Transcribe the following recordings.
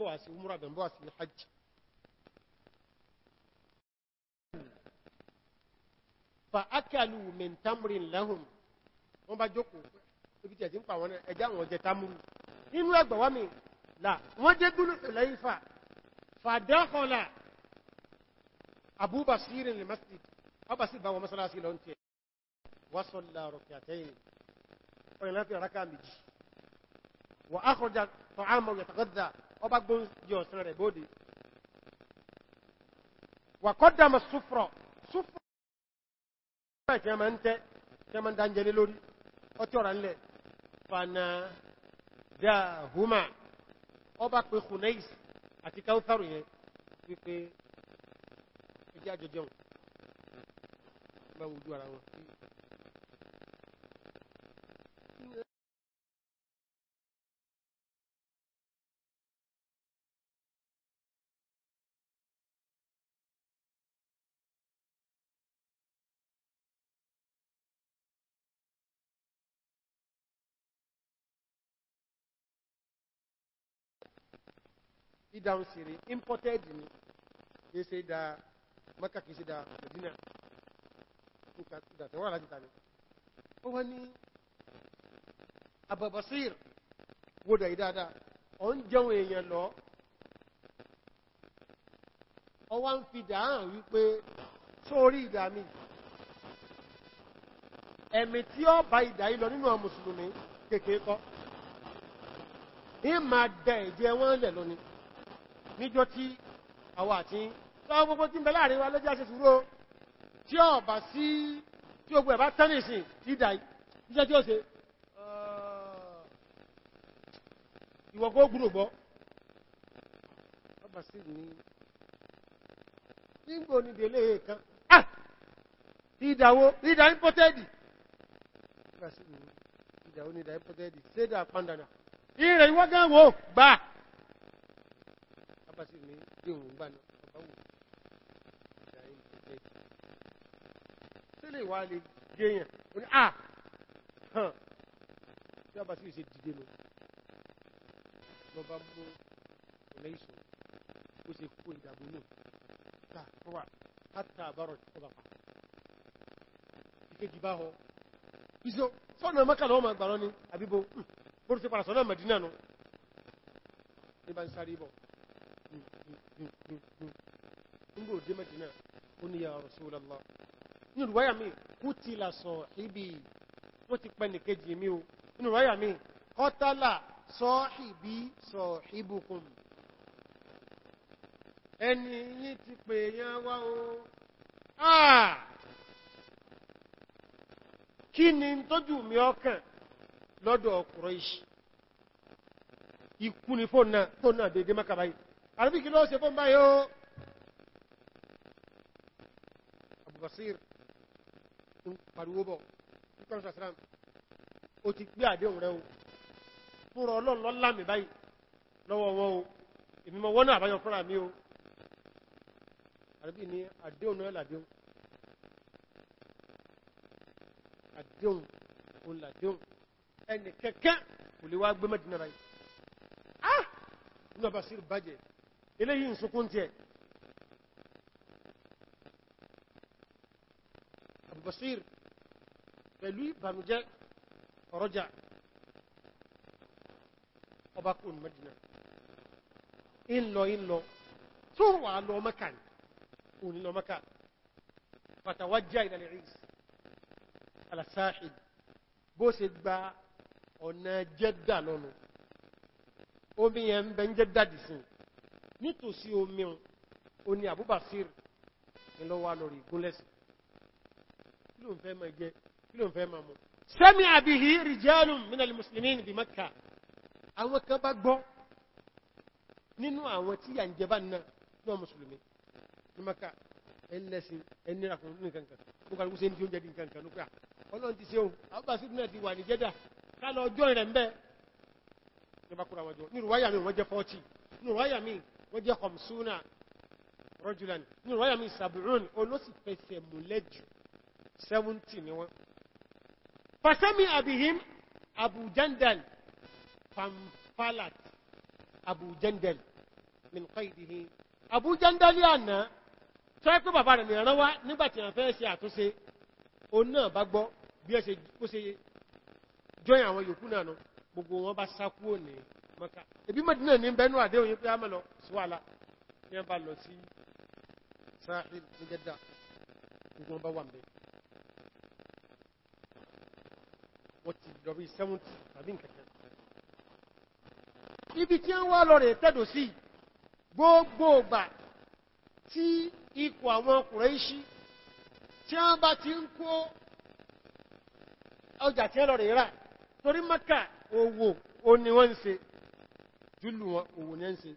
بواسي ومراد بن بواسي الحج فأكلوا من تمر لهم هم بجوكو تبيتي أزين فأوانا أجا موجة تمر إن وقت وامي لا موجة دون حليفة فدخل أبو بصير المسجد أبو بصير بابا مسلا سيلون تي وصلى ركعتين وإن لا في ركع مجي وأخرج طعامه يتغذى ọba gbóúnjẹ ọ̀sán rẹ̀ bóde wà kọ́dàmà súfrọ̀ súfrọ̀ tí a máa ń tẹ́ tí a máa ń dáńjẹ lé lórí ọtí ọ̀rà ńlẹ̀ fanadahuma ọba pé hunais àti káútàrù yẹn wípé ẹjẹ́ àjọjẹun ìdáhùn Siri rí imported ni kìí ṣe ìdá maka kìí ṣe ìdá medina ìdàtẹ̀wọ̀n aláti tàbí ó wọ́n ní ababasir wódà idada. ọ ń jẹun èèyàn lọ ọ wá ń fi dáhàn wípé sórí ìdá mi ẹ̀mí tí ó bá ìdá ìlọ nínú àwọn mùsùlùmí kékeré kọ́ ní máa dẹ ìjẹ wọ́n lẹ̀ lónìí níjọ́ tí àwọn àti sọ gbogbo tí ń bẹ láàrin wa lọ́jọ́ àṣẹ ṣúró tí ọ bá sí tí ogun ẹ̀bá tẹ́nìsìn tí dà iṣẹ́ tí ó ṣe uh, ìwọ̀kó gúrògbọ́ ọba sí ní nígbò ní délé kan ah ìdàwó ìdà ìpọ́tẹ́dì ìdàwó ní ìdà ìpọ́tẹ́dì sédà pandana ìrẹ̀ ìwọ́gánwò gbáà pàṣẹ mi bí òun gbà náà ọba wò ìdáyé ní ọjọ́ ìjì tí lè wà lè gẹ́yàn ó ní à ah! hàn tí a bá sí ìṣe dìde lọ lọ bá mú ọ̀lẹ́ ìṣọ̀ ó ṣe kó ìdàbò náà tà fọwà látà àbárọ̀ ọba pa ìkejì bá họ ìṣọ sọ́nà mọ́kànlá ọmọ àgbàrán ni àbíbo bó ti padà sọ́nà mẹ́dínà nù ní bá ń sáré bọ̀ nígbò dé Mẹ́dínà ó ní ya Rasulullah ní olùwáyà mi kutila sahibi wọ́n ti pẹ́ nìkejì mi o ní olùwáyà mi qatala sahibi sahibukum ẹni yí ti pè yán wá o àà ah! kí ni tójú mi ọkàn lọ́dọ̀ Quraish ikú ni fóònà dédé mẹ́kàbáyìí àríbí kí ló ṣe fún báyìí ó Abubasir ń pariwo bọ̀ nítorí sàṣíràn ó ti gbé àdéhùn rẹ o fúnra ọlọ́run lọ́lá mi báyìí lọ́wọ́ wọn o èmi mọ wọ́n náà àbáyọ fúnra mi o àríbí ni àdéhùn náà làdéhùn àdéhùn òun làdéhùn ẹnì kẹ̀kẹ́ kò lè wá gbé mẹ́dínà báyìí ah nínú Abubasir bàjẹ́ إليه إن سكنت أبو بصير قال لي بانو جاء فرجع وباكون مدنة إن لو إن لو تروى لو مكان كون لو مكان فتوجه إلى العيس على الساحل بوسد با ona jeda lono omi yẹn bẹ ń jẹ dadi sin nítòsí omi o ní àbúbàsír ìlọ́wà lórí ìgúnlẹ̀sì kí ló ń fẹ́ máa jẹ kí ló ń fẹ́ máa mu sẹ́mi àbìhì rìjálùm mínàlì mùsùlùmí bí Mẹ́kà àwọn kan bá gbọ́ nínú àwọn tí yà ń jẹba náà mùsùlùmí ní ní jẹ́dà kálọ̀ wọ́n jẹ́ kọmsúnà rọ́jùlán ní rọ́yà mi sàbùrún olóòsì fẹsẹ̀ múlẹ́jù 70 ni wọ́n fasami abihim abu jandal fanfalat abu jandal min qaidihi abu jandal yana tó ẹ́pẹ́ bàbá rẹ̀ mìíràn wá nígbàtí àwọn yòókù maka ebi madina ní bẹnu àdéhùn yí pé a mẹ́lọ sí wà láà ní ẹbá lọ sí sáàrí ní Jẹ́dà gbogbo ọba wà mẹ́ wọ́n ti dọ̀bí 70 tàbí nkẹ̀kẹ́ ibi tí ń wá lọ rẹ̀ tẹ́dọ̀ sí gbogbogbà tí ikọ̀ àwọn Kùrẹ́ṣì tí wọ́n bá ti ń kó ọjà tí ń lọ rẹ̀ rà torí maka owó o ni wọ́n ń ṣe jùlù wọn òwò ní ẹ́nsì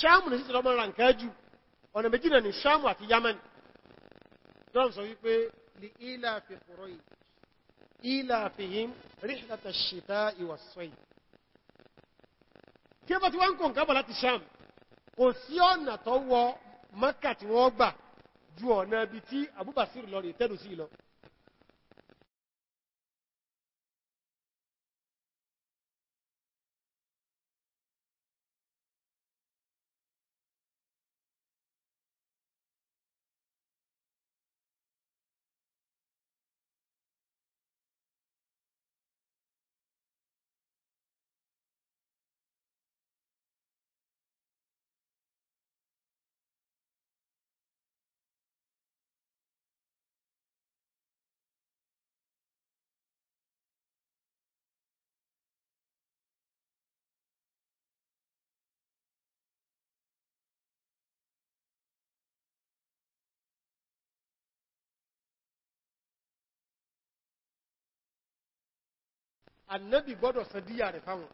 ṣáàmù ní sísẹ̀ lọ́mọ́ ránkẹ́ jù ọ̀nà méjì náà ni ṣáàmù àti yaman john sọ wípé lè ilá fi kúrò ilá fi yín ríṣìlátà ṣìtá ìwàsọ́yì tí ẹbá annabi gbọ́dọ̀ sàdíyà rẹ̀ fáwọn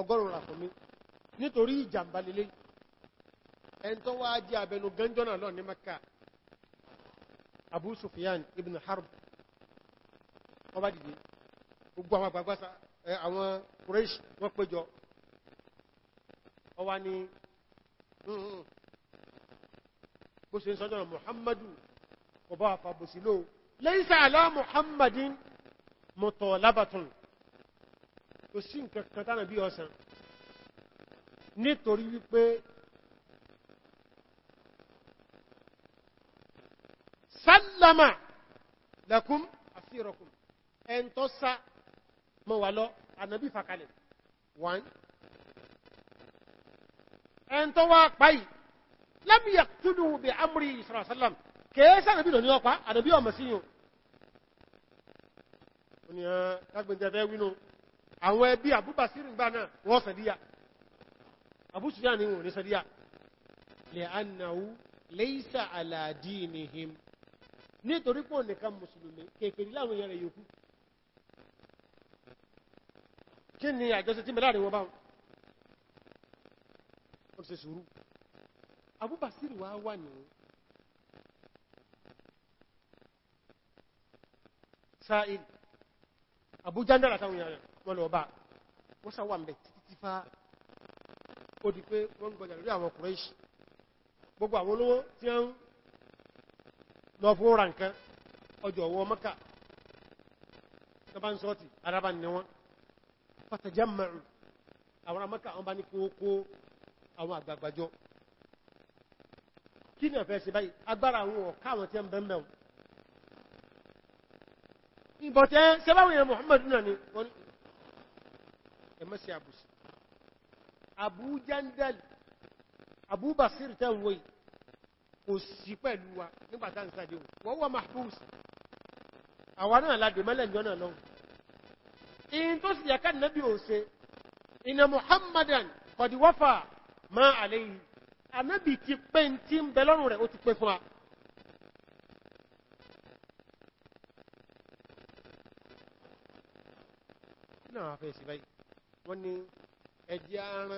ọgọ́rùn ràfúnmí nítorí ìjàmbá lélé ẹn tó wá jẹ́ abẹnu gánjọ́nà lọ ní Makka Abu Sufyan ibn Harb wọ́n bá dìde gbogbo àwọn àgbàgbàsá àwọn Quraysh wọ́n péjọ ọwá ni bó ṣe ń sọ́jọ́nà Muhammadu ọba àfàbòsílò laysa ala Muhammadin mọ́tọ̀ lábàtún kò sí nǹkan kan tánà bí ọ̀sán nítorí wípé sálàmà lakum àfíìrọkùn ẹn tó sá mọ́ wà lọ ànàbí fàkalẹ̀ 1 ẹn tó wá páyì lábíyà túnú bí amúrí ìsọ̀rọ̀ sálàm kèé sánàbí lọ ní ọpá ànàbí ọmọ síyàn ní ẹgbẹ̀ntẹ̀fẹ́ wínú àwọn ẹbí àbúbàsírì gbà náà wọ́n sàdíyà àbúsùfíà ni wọ́n ní sàdíyà lè annáwú lẹ́ìsà àlàdínihim nítorí pọ̀ nìkan mùsùlùmí kèfèrí láwọn èèyàn rẹ̀ yòókù kí ni àjọsí tí mẹ́láàrin sa'id Abuja dára táwọn èèyàn wọn lọ bá wọ́n sá wà ń bẹ̀ títí fá ó di pé wọ́n gbọ́jà lórí àwọn Kùrẹ́ṣì gbogbo àwọn olówó tí wọ́n lọ fún ra nǹkan ọjọ́ ọwọ́ Mẹ́kà tọba ń ìbọ̀tẹ́ sẹ́báwọn eh, èèyàn Muhammad náà ni wọ́n ẹmọ́ sí àbúsí Abu Jandal Abu Basir tẹ́wọ́ kò sí pẹ̀lú wa nígbàtà ń sáde wọ́n wọ́n mahfuz àwọn náà ládé mẹ́lẹ̀jọ́ náà lọ́wọ́ in tó sì yẹ ká nábì ò ṣe inna Muhammadan qad wafa ma alayhi anábì ti pé ń tí ń bẹ lọ́rùn rẹ̀ ó náà afẹ́ sí báyìí wọ́n ní ẹjẹ́ arán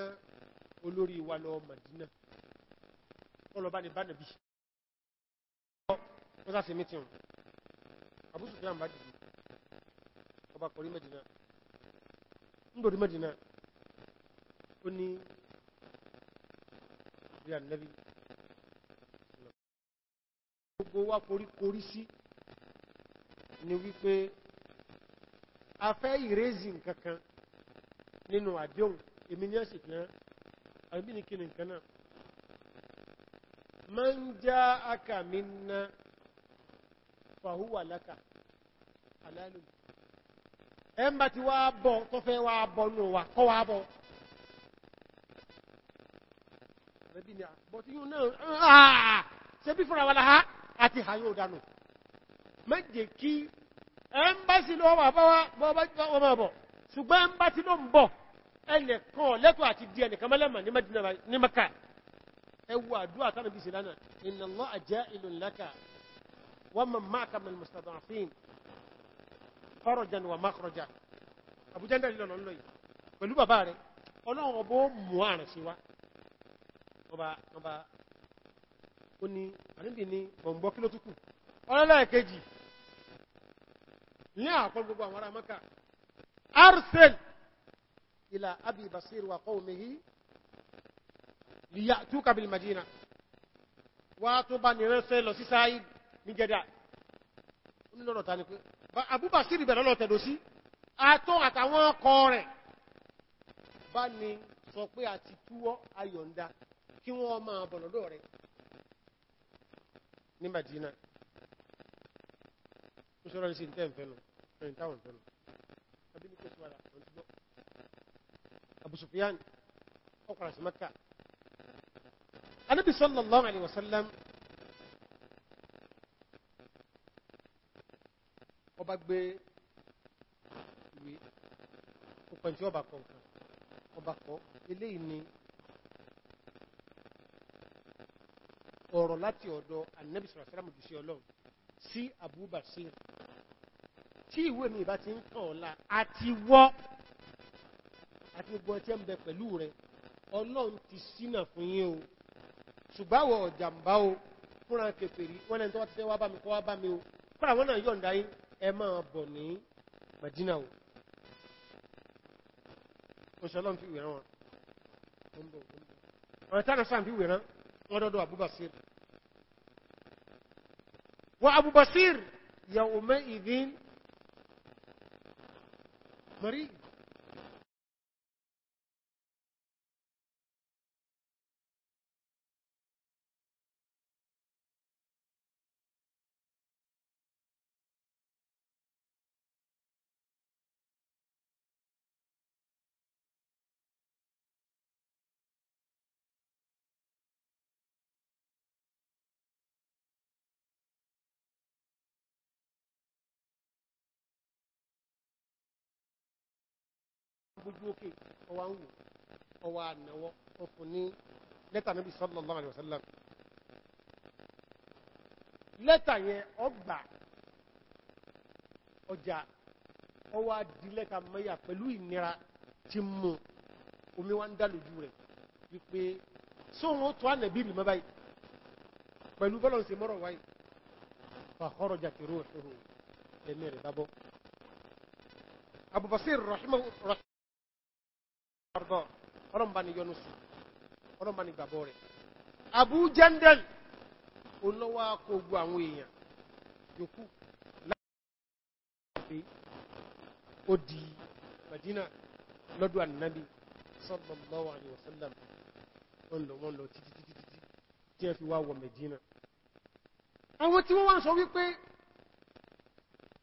olórí wa lọ Madina ọlọ́bá ni bánàbí wọ́n sáfẹ́ mítìn Abu Sufyan bá dìbò ọba kọrí Madina ń dòrí Madina ó ní rí ànẹ́bí gbogbo wa korí korí sí ni wípé afẹ́ ìrèzì nkankan nínú àdéhùn èmi ní ọ̀sẹ̀ kan àbí ní kíni nǹkan minna fahuwa laka aláàlú ẹmbà tí wá bọ̀ tó fẹ́ wá bọ̀ nù wà kọ́ wá bọ̀ rẹ̀bí ni àbọ̀ tí yíò náà ah, ṣe bí fúnra wà láhá àti àyò ìdánù mẹ́jẹ̀ ẹmbásí ló wà bọ́wọ́ máa bọ̀ ṣùgbọ́n ẹmbásí ló ń bọ̀ ẹnìkan lẹ́tọ̀ àti di ẹnìkan mẹ́lẹ́mà ní Madina ní Maka ẹwù àdúrà tánà bí sílánà inna Allah ja'ilun laka wa man ma'aka minal mustad'afin farajan wa makhraja Abuja ń dàrílọ̀ lọ́lọ́ yìí pẹ̀lú bàbá rẹ̀ ọlọ́run ọbọ̀ mú àrùn sí wa ọba ó ní àníbì ní ọ̀gbọ́ kí ló túkù ọlọ́lá ẹ̀kejì ní àpọ̀ gbogbo àwọn ará maka arsel ila abi basir wa qawmihi liya'tuka bil madina wá tó bá ní rẹ́fẹ́ lọ sí sáàí ní jẹ́dà onílọ́rọ̀ ta ni pé Abu Basir bẹ̀rẹ̀ lọ tẹ̀dọ̀ sí àtọ́ àtàwọn ọkọ̀ rẹ̀ bá ní sọ pé àti túwọ́ ayọ̀ǹda kí wọ́n máa bọ̀lọ́dọ̀ rẹ̀ ní Madina ó sọ́rọ̀ sí ìtẹ́ǹfẹ́ náà ẹ̀yìn táwọn tọ́nà abínú kò sí wàrà Abu Sufyan ọkùnrin sí Mẹ́kà Ànábì sallallahu alaihi wasallam ọba gbé ìwé púpọ̀ tí ọba kọ̀ọ̀kan ọba kọ̀ eléyìí ni ọ̀rọ̀ láti ọ̀dọ̀ Ànábì sallallahu alaihi wasallam sí Abu Basir tí ìwé mi ìbá ti ń kàn ọ̀la àti wọ́ àti gbogbo ẹtí ẹ̀m̀bẹ̀ pẹ̀lú rẹ̀ ọlọ́run ti ṣínà fún yín o ṣùgbáwọ̀ ọ̀jàmbá o fúnra kèfèrí wọ́n lẹ́ni tó wá ti fẹ́ wá bá mi kọ́ wá bá mi o fúnra wọn náà yọ̀ǹda yín ẹ máa bọ̀ ní Mẹ̀dínà o òṣèlọ́n fi fi wèrán wọn Marie, gbójú òkè ọwà ń wò ọwà ànàwọ́ ọkùn ní lẹ́tà Nábì sallallahu alaihi wasallam lẹ́tà yẹn ọgbà ọjà ọwà di lẹ́tà mẹ́yà pẹ̀lú ìnira ti mú omi wá ń dá lójú rẹ̀ wípé sóhun tó ànàbí rí mọ́báyì pẹ̀lú bọ́lọ̀ mọ́rọ̀ wáyì Abu Basir rahimahullah ọ̀rọ̀ ọlọ́run bá ní yọnu sí ọlọ́run bá ní gbàgbọ́ rẹ̀ Abu Jandal olówó akógbó àwọn èèyàn yòókù láàrín ó di Madina lọ́dọ̀ annabi sallallahu alaihi wasallam wọ́n lọ wọ́n lọ títí títí títí tí ẹ fi wá wọ Madina àwọn tí wọ́n wá ń sọ wípé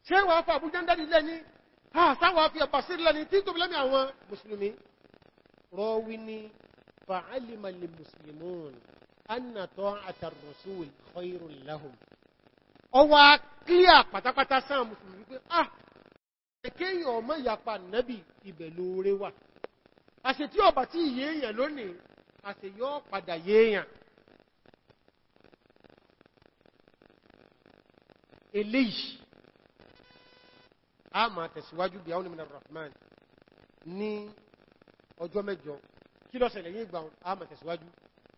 ṣé wàá fa Abu Jandal lẹ́ni àà ah, sáwàá fi ẹ̀pà sí lẹ́ni tí tóbi lẹ́mí àwọn mùsùlùmí راوي فعلم المسلمون أن طاعة الرسول خير لهم ọwọ́ akíyà pátápátá sáà mùsùlùmí pé ah ẹ̀kẹ́yìn ọmọ ìyapa nẹ́bì ibẹ̀ lóore wà àṣẹ tí ọba tí yéèyàn lónìí àṣẹ yóò padà yéèyàn eléyìí a máa tẹ̀síwájú bí i àwọn rahman ní ọjọ́ mẹ́jọ kí lọ́sẹ̀ lẹ́yìn ìgbà a máa tẹ̀síwájú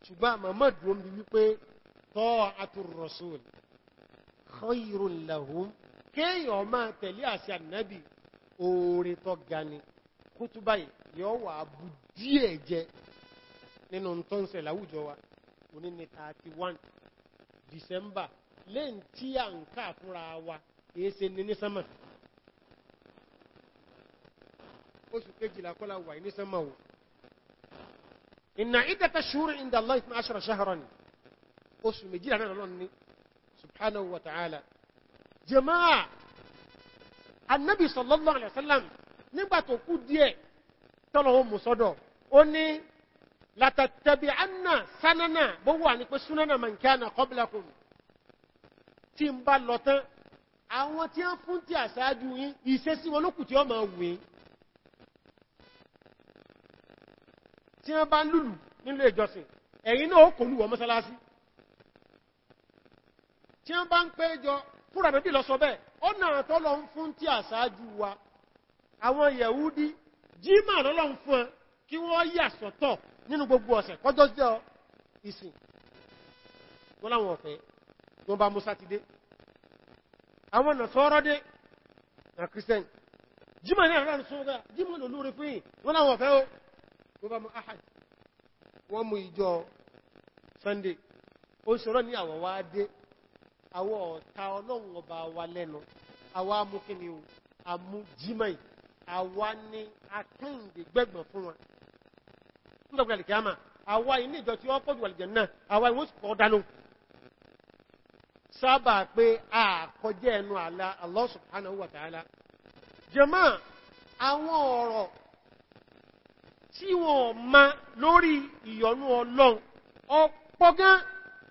ṣùgbọ́n àmàmà dúró ń bí wípé ta'atu rasul khayrun lahum kéèyàn máa tẹ̀lé àṣẹ ànábì oore tó gani? ni kútúbà yìí yóò wà bú díẹ̀ jẹ nínú December lẹ́yìn tí à ń káàkúnra wa أسو كجلا كلا وين سماو إن عدة الشهور عند الله 12 شهرا أسو مجيلا نعلن سبحانه وتعالى جماعة النبي صلى الله عليه وسلم نبات كودية تلهم مصدر أني لا تتبعنا سننا بواني كسننا من كان قبلكم تيمبال لوتان àwọn tí a fún tí a sáájú yí ìṣẹ́sí wọn ló kù tí ọ ma wù yí tí wọ́n bá ń lùlù nílò ìjọsìn ẹ̀yin náà ó kò lùwọ́ mọ́sálásí tí wọ́n bá ń pé jọ fúra bẹ́bí lọ sọ bẹ́ẹ̀ ọ̀nà àtọ́lọ ń fún tí àṣáájú wa àwọn yẹ̀wúdí jímà lọ́lọ́ ń fún ẹ kí wọ́n yà sọ́tọ̀ nínú gbogbo ọ̀sẹ̀ kọjọ́ jẹ́ na kírísítẹ́nì jímà ní àrẹ́rẹ́ sọ́gá jímà lòlúrí fún yìí wọ́n bá mú ahad wọ́n mú ìjọ sunday ó ṣọ́rọ̀ ní àwọn wá dé àwọn ọ̀ta ọlọ́run ọba wa lẹ́nu àwọn amúkíni o amú jímọ̀ àwa ni akẹ́ǹdè gbẹ̀gbọ̀n fún wọn nígbàgbà lè kíámà àwa ilé ìjọ tí wọ́n pọ̀jù àlìjẹ̀ náà àwa ìwọ́n sì kọ́ dánú sábà pé àkọjẹ́ ẹnu àlá Allah subhanahu wa ta'ala jàmáà àwọn ọ̀rọ̀ tí wọ́n ma lórí ìyọnú ọlọ́run ọ̀pọ̀ gán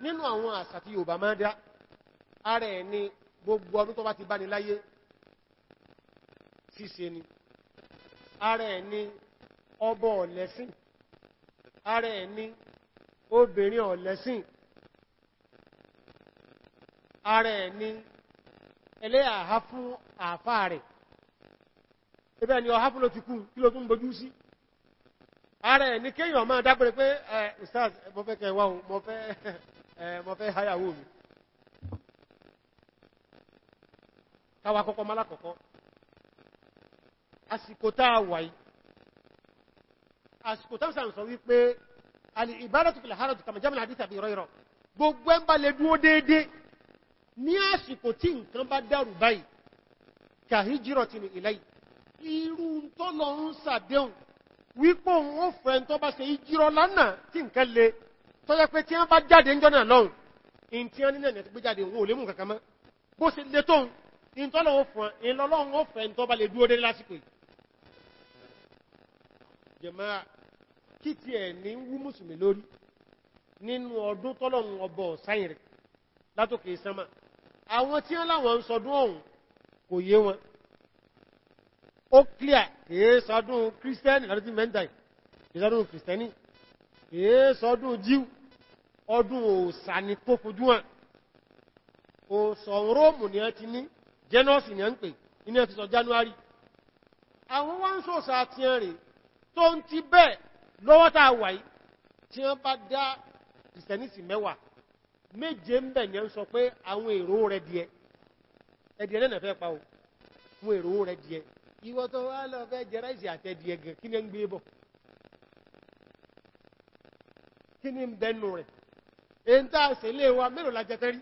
nínú àwọn àṣà tí Yorùbá máa dá ara ẹ̀ ni gbogbo ọdún tó bá ti bá ní láyé ṣíṣe ni ara ẹ̀ ni ọbọ̀ ọ̀lẹ́sìn ara ẹ̀ ni obìnrin ọ̀lẹ́sìn ara ẹ̀ ni ẹlẹ́yà ha fún àfáà rẹ̀ ibẹ̀ ni ọha fún ló ti kú kí ló tún bojú sí ara ẹ̀ ní kéèyàn máa dágbére pé ẹ̀ ustaz mo fẹ́ kẹwàá ohun mo fẹ́ hayàwó mi káwà kọ́kọ́ mọ́lá kọ́kọ́ àsìkò táà wáyé àsìkò táà sàn sọ wípé alì ìbáratù fìlà harajù kàmà jámìnà àdítà bí rọ́ìrọ̀ gbogbo ẹ̀ ń lè dúó déédé ní àsìkò tí nǹkan bá dàrú báyìí kàhíjírọ̀ tì ní ìlàyìí irú tọ́lọ ń sàdéhùn wípò wọ́n fẹ́ tó bá ṣe ìjírọ lánàá tí nǹkan le tó yẹ pé tí wọ́n bá jáde ń jọ́nà lọ́hùn in tí wọ́n nínú ẹ̀ gbé jáde wọn ò lè mú kankan mọ́ bó ṣe lé tóhun in tọ́lọ̀ wọn fún in lọ́lọ́hun ó fẹ́ tó bá lè dúró dé lásìkò jẹ̀mọ́ kí ti ẹ̀ ní wú mùsùlùmí lórí nínú ọdún tọ́lọ̀hun ọbọ̀ sáyìn rẹ̀ látòkè sánmà àwọn tí wọ́n láwọn ń sọdún ọ̀hún kò yé ó clear kìí sọdún kírísítẹ́nì lọ́dún mẹ́ntàì kìí sọdún kírísítẹ́nì kìí sọdún jíu ọdún òsà ni tó fojú hàn òsàn róòmù ni ẹ ti ní jẹ́nọ́ọ̀sì ni ẹ ń pè iná ti january àwọn wá ń sọ̀sà àti ẹ̀rẹ̀ tó ń ti bẹ́ẹ̀ lọ́wọ́ tá a wà yìí tí wọ́n bá dá kírísítẹ́nì sí mẹ́wàá méje ń bẹ̀ yẹn ń sọ pé àwọn èrò rẹ̀ díẹ̀ ẹ̀díẹ̀ lẹ́nà fẹ́ pa o fún èrò rẹ̀ díẹ̀ ìwọ tó wá lọ fẹ́ jẹ ráìsì àtẹ̀dìẹ gẹ̀ kí ni ń gbé bọ̀ kí ni ń bẹnu rẹ̀ èyí tá a sì lé wa mélòó la jẹ tẹ́rí